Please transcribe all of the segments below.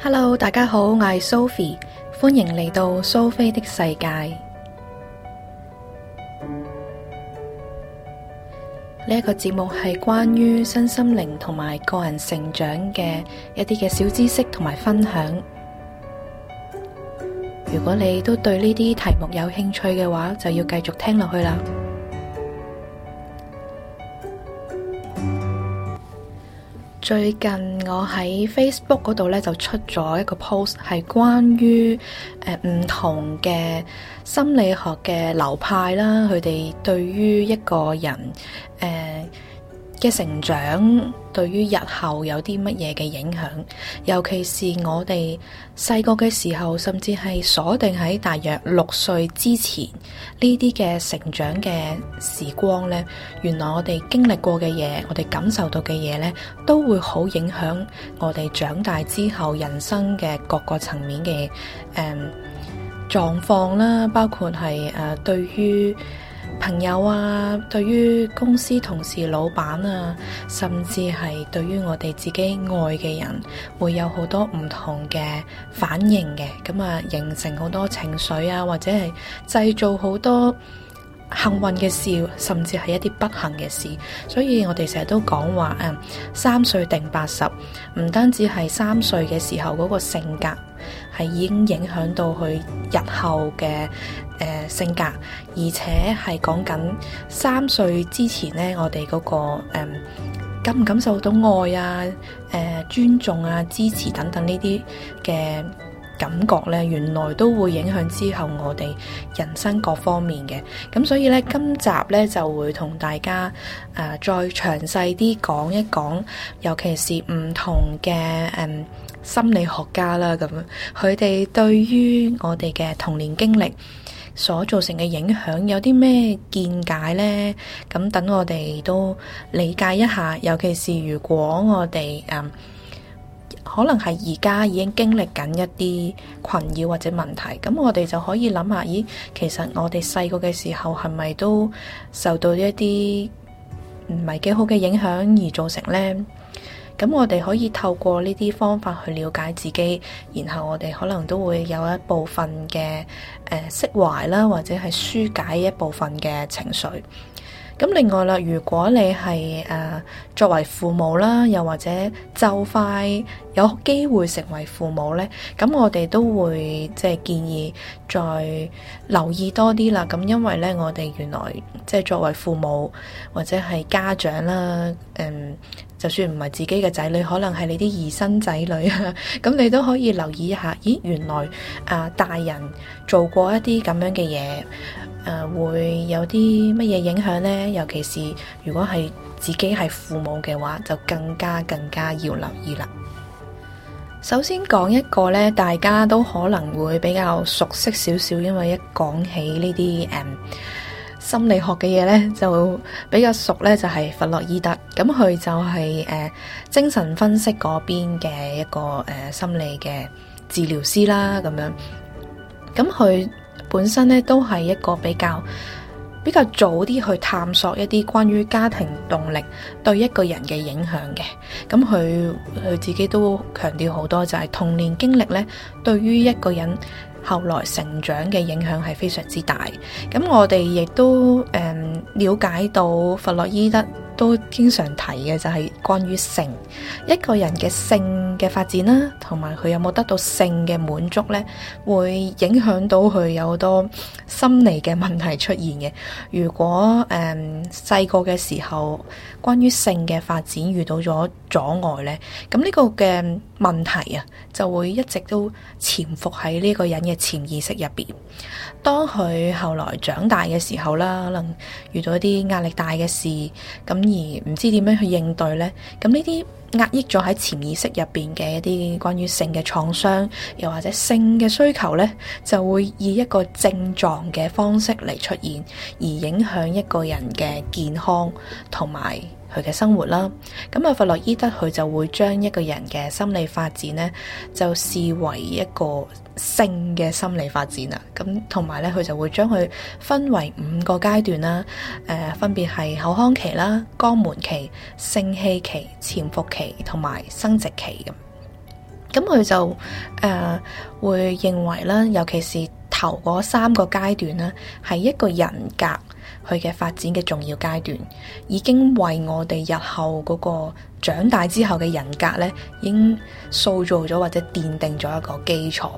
Hello，大家好，我係 Sophie，歡迎嚟到 Sophie 的世界。呢一、這個節目係關於身心靈同埋個人成長嘅一啲嘅小知識同埋分享。如果你都對呢啲題目有興趣嘅話，就要繼續聽落去啦。最近我喺 Facebook 嗰度咧就出咗一個 post，係關於誒唔同嘅心理學嘅流派啦，佢哋對於一個人誒，呃嘅成長對於日後有啲乜嘢嘅影響，尤其是我哋細個嘅時候，甚至係鎖定喺大約六歲之前呢啲嘅成長嘅時光呢，原來我哋經歷過嘅嘢，我哋感受到嘅嘢呢，都會好影響我哋長大之後人生嘅各個層面嘅誒、嗯、狀況啦，包括係誒、呃、對於。朋友啊，對於公司同事、老闆啊，甚至係對於我哋自己愛嘅人，會有好多唔同嘅反應嘅，咁啊形成好多情緒啊，或者係製造好多幸運嘅事，甚至係一啲不幸嘅事。所以我哋成日都講話，誒，三歲定八十，唔單止係三歲嘅時候嗰個性格。係已經影響到佢日後嘅誒、呃、性格，而且係講緊三歲之前咧，我哋嗰、那個誒、嗯、感唔感受到愛啊、誒、呃、尊重啊、支持等等呢啲嘅。感覺咧，原來都會影響之後我哋人生各方面嘅。咁所以咧，今集咧就會同大家誒、呃、再詳細啲講一講，尤其是唔同嘅誒、嗯、心理學家啦，咁佢哋對於我哋嘅童年經歷所造成嘅影響有啲咩見解呢？咁、嗯、等我哋都理解一下，尤其是如果我哋誒。嗯可能係而家已經經歷緊一啲困擾或者問題，咁我哋就可以諗下，咦，其實我哋細個嘅時候係咪都受到一啲唔係幾好嘅影響而造成呢？咁我哋可以透過呢啲方法去了解自己，然後我哋可能都會有一部分嘅誒、呃、釋懷啦，或者係紓解一部分嘅情緒。咁另外啦，如果你係誒、呃、作為父母啦，又或者就快有機會成為父母呢，咁我哋都會即係建議再留意多啲啦。咁因為呢，我哋原來即係作為父母或者係家長啦，誒、嗯，就算唔係自己嘅仔女，可能係你啲姨甥仔女啊，咁 你都可以留意一下。咦，原來啊、呃、大人做過一啲咁樣嘅嘢。誒，會有啲乜嘢影響呢？尤其是如果係自己係父母嘅話，就更加更加要留意啦。首先講一個呢，大家都可能會比較熟悉少少，因為一講起呢啲誒心理學嘅嘢呢，就比較熟呢，就係弗洛伊德。咁佢就係、是、誒、呃、精神分析嗰邊嘅一個誒、呃、心理嘅治療師啦，咁樣。咁佢。本身咧都係一個比較比較早啲去探索一啲關於家庭動力對一個人嘅影響嘅，咁佢佢自己都強調好多就係、是、童年經歷咧對於一個人後來成長嘅影響係非常之大，咁我哋亦都誒、嗯、了解到弗洛伊德。都經常提嘅就係關於性，一個人嘅性嘅發展啦，同埋佢有冇得到性嘅滿足咧，會影響到佢有好多心理嘅問題出現嘅。如果誒細個嘅時候，關於性嘅發展遇到咗阻礙咧，咁呢個嘅問題啊，就會一直都潛伏喺呢個人嘅潛意識入邊，當佢後來長大嘅時候啦，可能遇到一啲壓力大嘅事咁。而唔知點樣去應對呢？咁呢啲壓抑咗喺潛意識入邊嘅一啲關於性嘅創傷，又或者性嘅需求呢，就會以一個症狀嘅方式嚟出現，而影響一個人嘅健康同埋佢嘅生活啦。咁啊，弗洛伊德佢就會將一個人嘅心理發展呢，就視為一個。性嘅心理發展啊，咁同埋咧，佢就會將佢分為五個階段啦，誒、呃，分別係口腔期啦、肛門期、性器期、潛伏期同埋生殖期咁。咁佢就誒、呃、會認為咧，尤其是頭嗰三個階段咧，係一個人格。佢嘅發展嘅重要階段，已經為我哋日後嗰個長大之後嘅人格咧，已經塑造咗或者奠定咗一個基礎。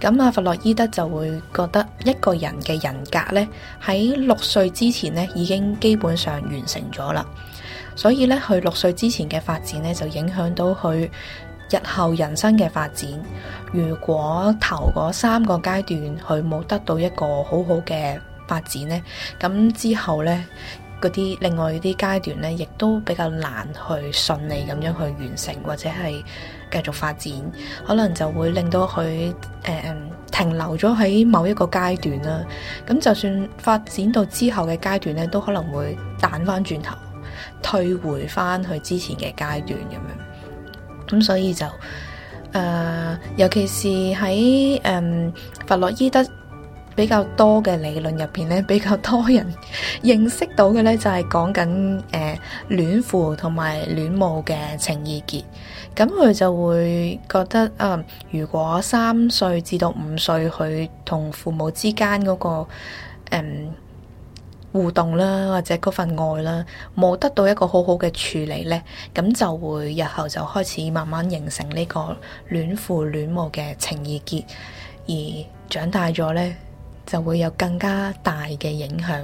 咁阿弗洛伊德就會覺得一個人嘅人格咧，喺六歲之前咧，已經基本上完成咗啦。所以咧，佢六歲之前嘅發展咧，就影響到佢日後人生嘅發展。如果頭嗰三個階段佢冇得到一個好好嘅，發展呢，咁之後呢，嗰啲另外啲階段呢，亦都比較難去順利咁樣去完成，或者係繼續發展，可能就會令到佢誒、呃、停留咗喺某一個階段啦。咁就算發展到之後嘅階段呢，都可能會彈翻轉頭，退回翻去之前嘅階段咁樣。咁所以就誒、呃，尤其是喺誒弗洛伊德，比較多嘅理論入邊咧，比較多人認識到嘅咧，就係講緊誒戀父同埋戀母嘅情意結。咁佢就會覺得，嗯、呃，如果三歲至到五歲佢同父母之間嗰、那個、呃、互動啦，或者嗰份愛啦，冇得到一個好好嘅處理呢，咁就會日後就開始慢慢形成呢個戀父戀母嘅情意結，而長大咗呢。就會有更加大嘅影響。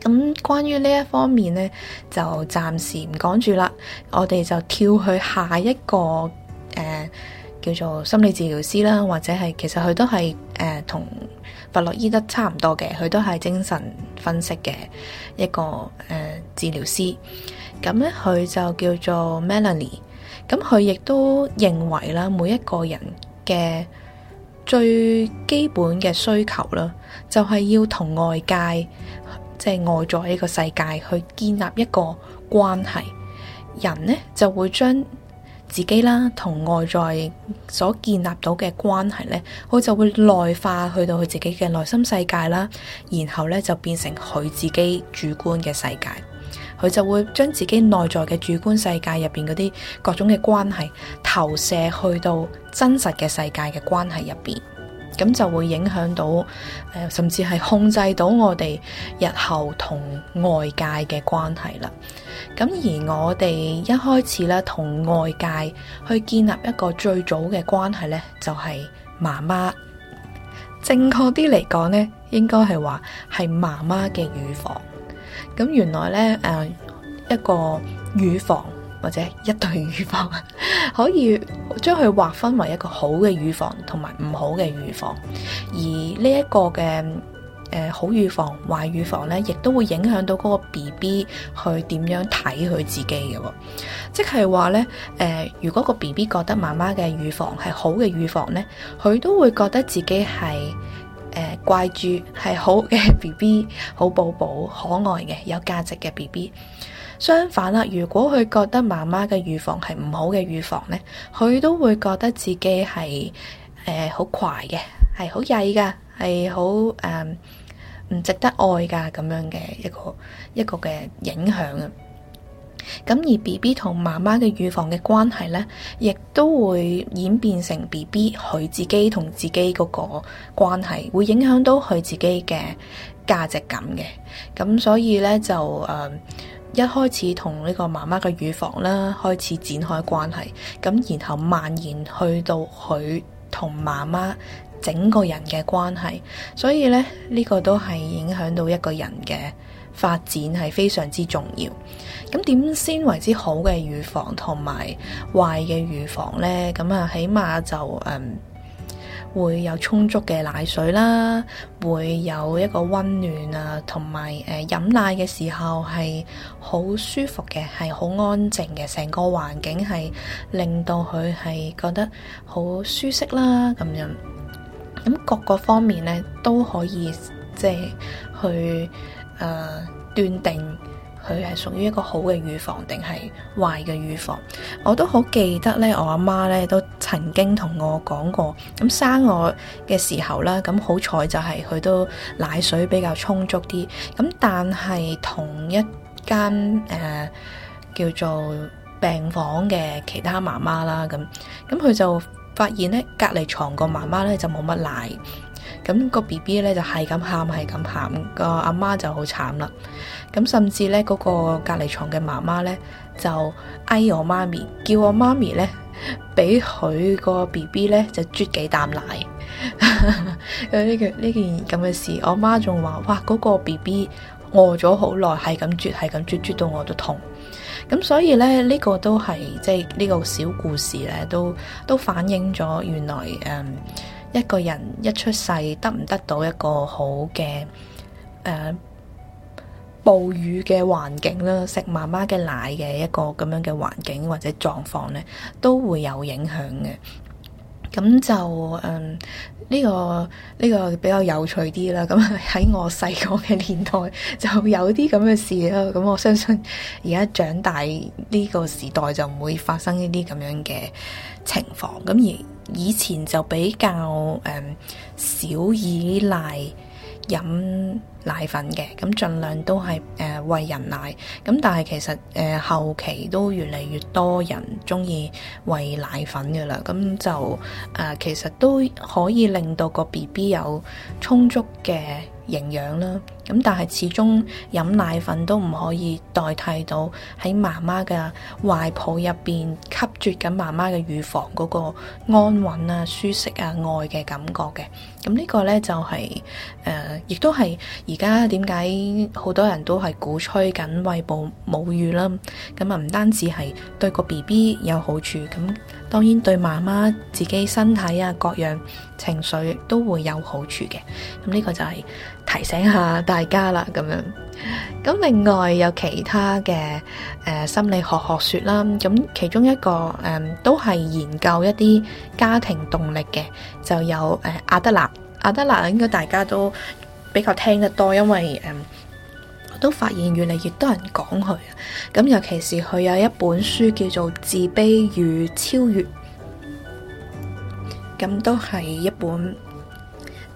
咁關於呢一方面呢，就暫時唔講住啦。我哋就跳去下一個誒、呃、叫做心理治療師啦，或者係其實佢都係誒同弗洛伊德差唔多嘅，佢都係精神分析嘅一個誒、呃、治療師。咁呢，佢就叫做 Melanie。咁佢亦都認為啦，每一個人嘅最基本嘅需求啦，就係要同外界，即係外在呢個世界去建立一個關係。人呢就會將自己啦同外在所建立到嘅關係咧，佢就會內化去到佢自己嘅內心世界啦，然後咧就變成佢自己主觀嘅世界。佢就會將自己內在嘅主觀世界入邊嗰啲各種嘅關係投射去到真實嘅世界嘅關係入邊，咁就會影響到，甚至係控制到我哋日後同外界嘅關係啦。咁而我哋一開始呢，同外界去建立一個最早嘅關係呢，就係媽媽。正確啲嚟講呢，應該係話係媽媽嘅乳房。咁原來呢，誒、呃、一個乳房或者一對乳房， 可以將佢劃分為一個好嘅乳房同埋唔好嘅乳房。而呢一個嘅誒、呃、好乳房、壞乳房呢，亦都會影響到嗰個 B B 去點樣睇佢自己嘅、哦。即係話呢，誒、呃、如果個 B B 覺得媽媽嘅乳房係好嘅乳房呢，佢都會覺得自己係。怪住係好嘅 B B，好寶寶，可愛嘅，有價值嘅 B B。相反啊，如果佢覺得媽媽嘅預防係唔好嘅預防呢，佢都會覺得自己係誒好怪嘅，係好曳噶，係好唔值得愛噶咁樣嘅一個一個嘅影響。咁而 B B 同媽媽嘅乳房嘅關係呢，亦都會演變成 B B 佢自己同自己嗰個關係，會影響到佢自己嘅價值感嘅。咁所以呢，就誒、嗯，一開始同呢個媽媽嘅乳房啦開始展開關係，咁然後蔓延去到佢同媽媽整個人嘅關係，所以呢，呢、呢個都係影響到一個人嘅發展，係非常之重要。咁點先為之好嘅乳房同埋壞嘅乳房呢？咁啊，起碼就誒會有充足嘅奶水啦，會有一個温暖啊，同埋誒飲奶嘅時候係好舒服嘅，係好安靜嘅，成個環境係令到佢係覺得好舒適啦，咁樣。咁各個方面呢，都可以即係去誒斷定。佢係屬於一個好嘅乳房定係壞嘅乳房？我都好記得咧，我阿媽咧都曾經同我講過，咁生我嘅時候啦，咁好彩就係佢都奶水比較充足啲。咁但係同一間誒、呃、叫做病房嘅其他媽媽啦，咁咁佢就發現咧隔離床個媽媽咧就冇乜奶，咁、個 BB 咧就係咁喊，係咁喊，個阿媽就好慘啦。咁甚至咧，嗰個隔籬床嘅媽媽咧就嗌我媽咪，叫我媽咪咧俾佢個 B B 咧就啜幾啖奶。呢個呢件咁嘅事，我媽仲話：哇，嗰個 B B 餓咗好耐，係咁啜，係咁啜，啜到我都痛。咁所以咧，呢個都係即係呢個小故事咧，都都反映咗原來誒一個人一出世得唔得到一個好嘅誒。暴雨嘅環境啦，食媽媽嘅奶嘅一個咁樣嘅環境或者狀況咧，都會有影響嘅。咁就誒呢、嗯呢個呢、呢個比較有趣啲啦。咁喺我細個嘅年代就有啲咁嘅事啦。咁我相信而家長大呢個時代就唔會發生呢啲咁樣嘅情況。咁而以前就比較少、嗯、依賴。飲奶粉嘅。咁，盡量都係誒餵人奶咁但係其實誒、呃、後期都越嚟越多人中意餵奶粉嘅啦，咁就誒、呃、其實都可以令到個 BB 有充足嘅營養啦，咁但係始終飲奶粉都唔可以代替到喺媽媽嘅懷抱入邊吸啜緊媽媽嘅乳房嗰個安穩啊、舒適啊、愛嘅感覺嘅。咁、嗯、呢、這個呢，就係、是、誒、呃，亦都係而家點解好多人都係鼓吹緊餵哺母乳啦。咁、嗯、啊，唔單止係對個 B B 有好處咁。嗯當然對媽媽自己身體啊，各樣情緒都會有好處嘅。咁呢個就係提醒下大家啦，咁樣。咁另外有其他嘅誒、呃、心理學學説啦，咁其中一個誒、呃、都係研究一啲家庭動力嘅，就有誒阿德勒。阿德勒應該大家都比較聽得多，因為誒。呃都發現越嚟越多人講佢，咁尤其是佢有一本書叫做《自卑與超越》，咁都係一本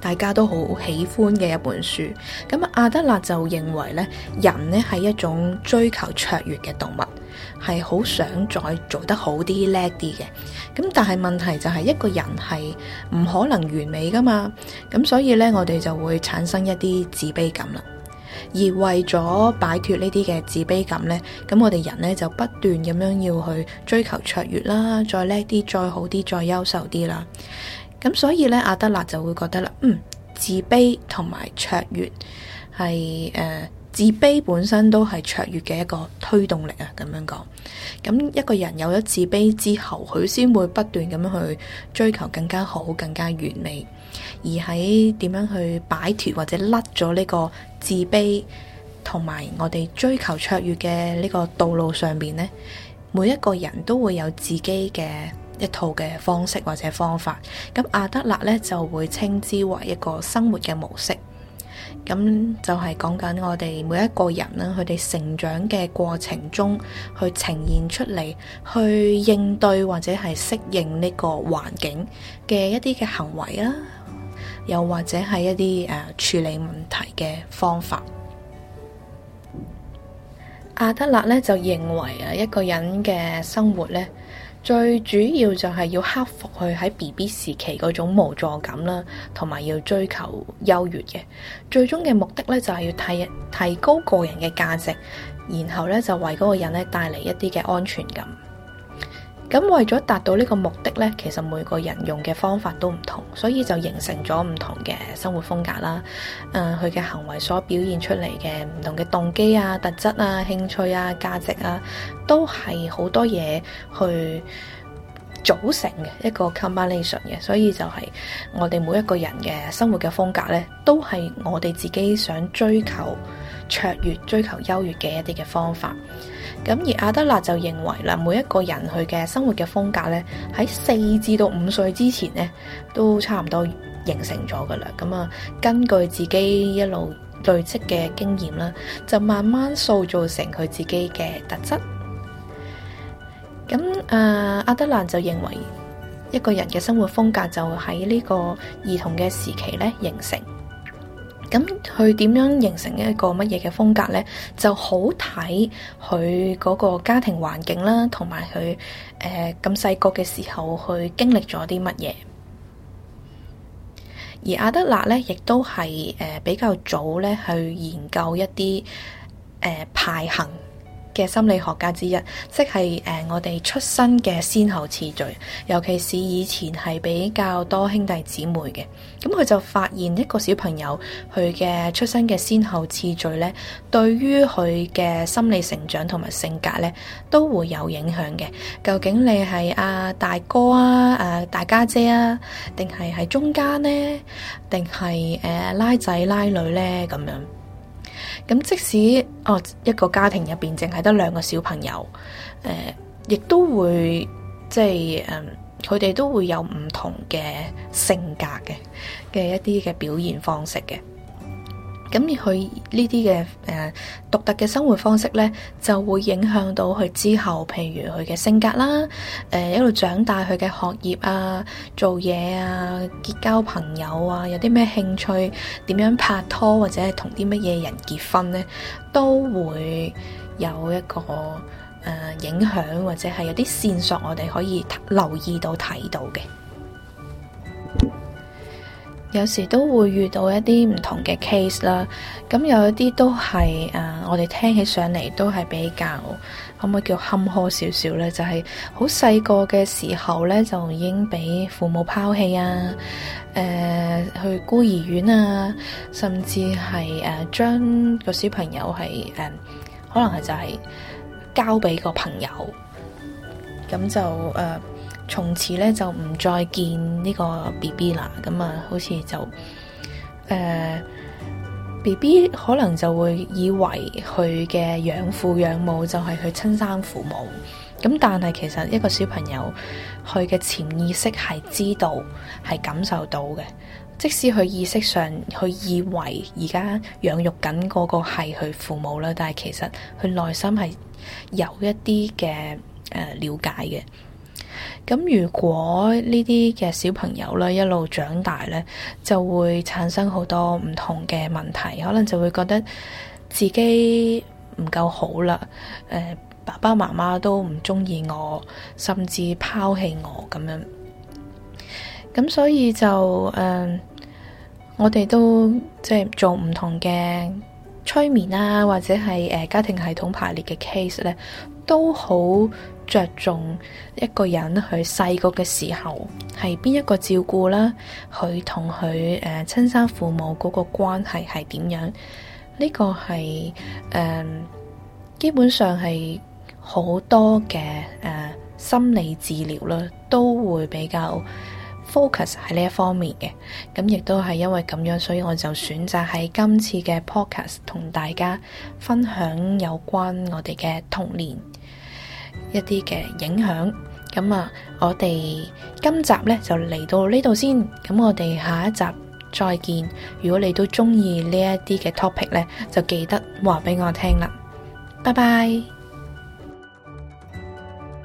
大家都好喜歡嘅一本書。咁阿德勒就認為呢，人呢係一種追求卓越嘅動物，係好想再做得好啲叻啲嘅。咁但係問題就係一個人係唔可能完美㗎嘛，咁所以呢，我哋就會產生一啲自卑感啦。而為咗擺脱呢啲嘅自卑感呢，咁我哋人呢就不斷咁樣要去追求卓越啦，再叻啲，再好啲，再優秀啲啦。咁所以呢，阿德勒就會覺得啦，嗯，自卑同埋卓越係誒、呃、自卑本身都係卓越嘅一個推動力啊。咁樣講，咁一個人有咗自卑之後，佢先會不斷咁樣去追求更加好、更加完美。而喺點樣去擺脱或者甩咗呢個？自卑同埋我哋追求卓越嘅呢個道路上邊咧，每一個人都會有自己嘅一套嘅方式或者方法。咁阿德勒咧就會稱之為一個生活嘅模式。咁就係講緊我哋每一個人啦，佢哋成長嘅過程中去呈現出嚟，去應對或者係適應呢個環境嘅一啲嘅行為啦。又或者係一啲誒、呃、處理問題嘅方法。阿德勒咧就認為啊，一個人嘅生活咧最主要就係要克服佢喺 B B 時期嗰種無助感啦，同埋要追求優越嘅，最終嘅目的咧就係、是、要提提高個人嘅價值，然後咧就為嗰個人咧帶嚟一啲嘅安全感。咁為咗達到呢個目的呢，其實每個人用嘅方法都唔同，所以就形成咗唔同嘅生活風格啦。誒、呃，佢嘅行為所表現出嚟嘅唔同嘅動機啊、特質啊、興趣啊、價值啊，都係好多嘢去組成嘅一個 combination 嘅。所以就係我哋每一個人嘅生活嘅風格呢，都係我哋自己想追求卓越追求優越嘅一啲嘅方法，咁而阿德勒就認為啦，每一個人佢嘅生活嘅風格呢，喺四至到五歲之前呢，都差唔多形成咗噶啦。咁、嗯、啊，根據自己一路累積嘅經驗啦，就慢慢塑造成佢自己嘅特質。咁啊、呃，阿德勒就認為，一個人嘅生活風格就喺呢個兒童嘅時期呢形成。咁佢點樣形成一個乜嘢嘅風格咧？就好睇佢嗰個家庭環境啦，同埋佢誒咁細個嘅時候去經歷咗啲乜嘢。而阿德勒咧，亦都係誒、呃、比較早咧去研究一啲誒排行嘅心理學家之一，即係誒我哋出生嘅先後次序，尤其是以前係比較多兄弟姊妹嘅，咁佢就發現一個小朋友佢嘅出生嘅先後次序呢，對於佢嘅心理成長同埋性格呢，都會有影響嘅。究竟你係阿、啊、大哥啊、誒、啊、大家姐、姐啊，定係喺中間呢？定係誒拉仔拉女呢？咁樣。咁即使哦一個家庭入邊淨係得兩個小朋友，誒、呃，亦都會即係誒，佢、呃、哋都會有唔同嘅性格嘅嘅一啲嘅表現方式嘅。咁而佢呢啲嘅誒獨特嘅生活方式呢，就會影響到佢之後，譬如佢嘅性格啦，誒一路長大佢嘅學業啊、做嘢啊、結交朋友啊，有啲咩興趣，點樣拍拖或者係同啲乜嘢人結婚呢，都會有一個誒、呃、影響或者係有啲線索，我哋可以留意到睇到嘅。有時都會遇到一啲唔同嘅 case 啦，咁有一啲都係誒、呃，我哋聽起上嚟都係比較，可唔可以叫坎坷少少呢？就係好細個嘅時候呢，就已經俾父母拋棄啊，誒、呃、去孤兒院啊，甚至係誒將個小朋友係誒、呃、可能係就係交俾個朋友，咁就誒。Uh 從此咧就唔再見呢個 BB 啦，咁、嗯、啊，好似就誒、呃、BB 可能就會以為佢嘅養父養母就係佢親生父母，咁但係其實一個小朋友佢嘅潛意識係知道係感受到嘅，即使佢意識上佢以為而家養育緊嗰個係佢父母啦，但係其實佢內心係有一啲嘅誒瞭解嘅。咁如果呢啲嘅小朋友咧一路長大咧，就會產生好多唔同嘅問題，可能就會覺得自己唔夠好啦。誒、呃，爸爸媽媽都唔中意我，甚至拋棄我咁樣。咁所以就誒、呃，我哋都即係、就是、做唔同嘅催眠啊，或者係誒、呃、家庭系統排列嘅 case 咧，都好。着重一個人佢細個嘅時候係邊一個照顧啦，佢同佢誒親生父母嗰個關係係點樣？呢、這個係誒、呃、基本上係好多嘅誒、呃、心理治療啦，都會比較 focus 喺呢一方面嘅。咁、嗯、亦都係因為咁樣，所以我就選擇喺今次嘅 podcast 同大家分享有關我哋嘅童年。一啲嘅影響，咁啊，我哋今集咧就嚟到呢度先，咁我哋下一集再見。如果你都中意呢一啲嘅 topic 咧，就記得話俾我聽啦，拜拜。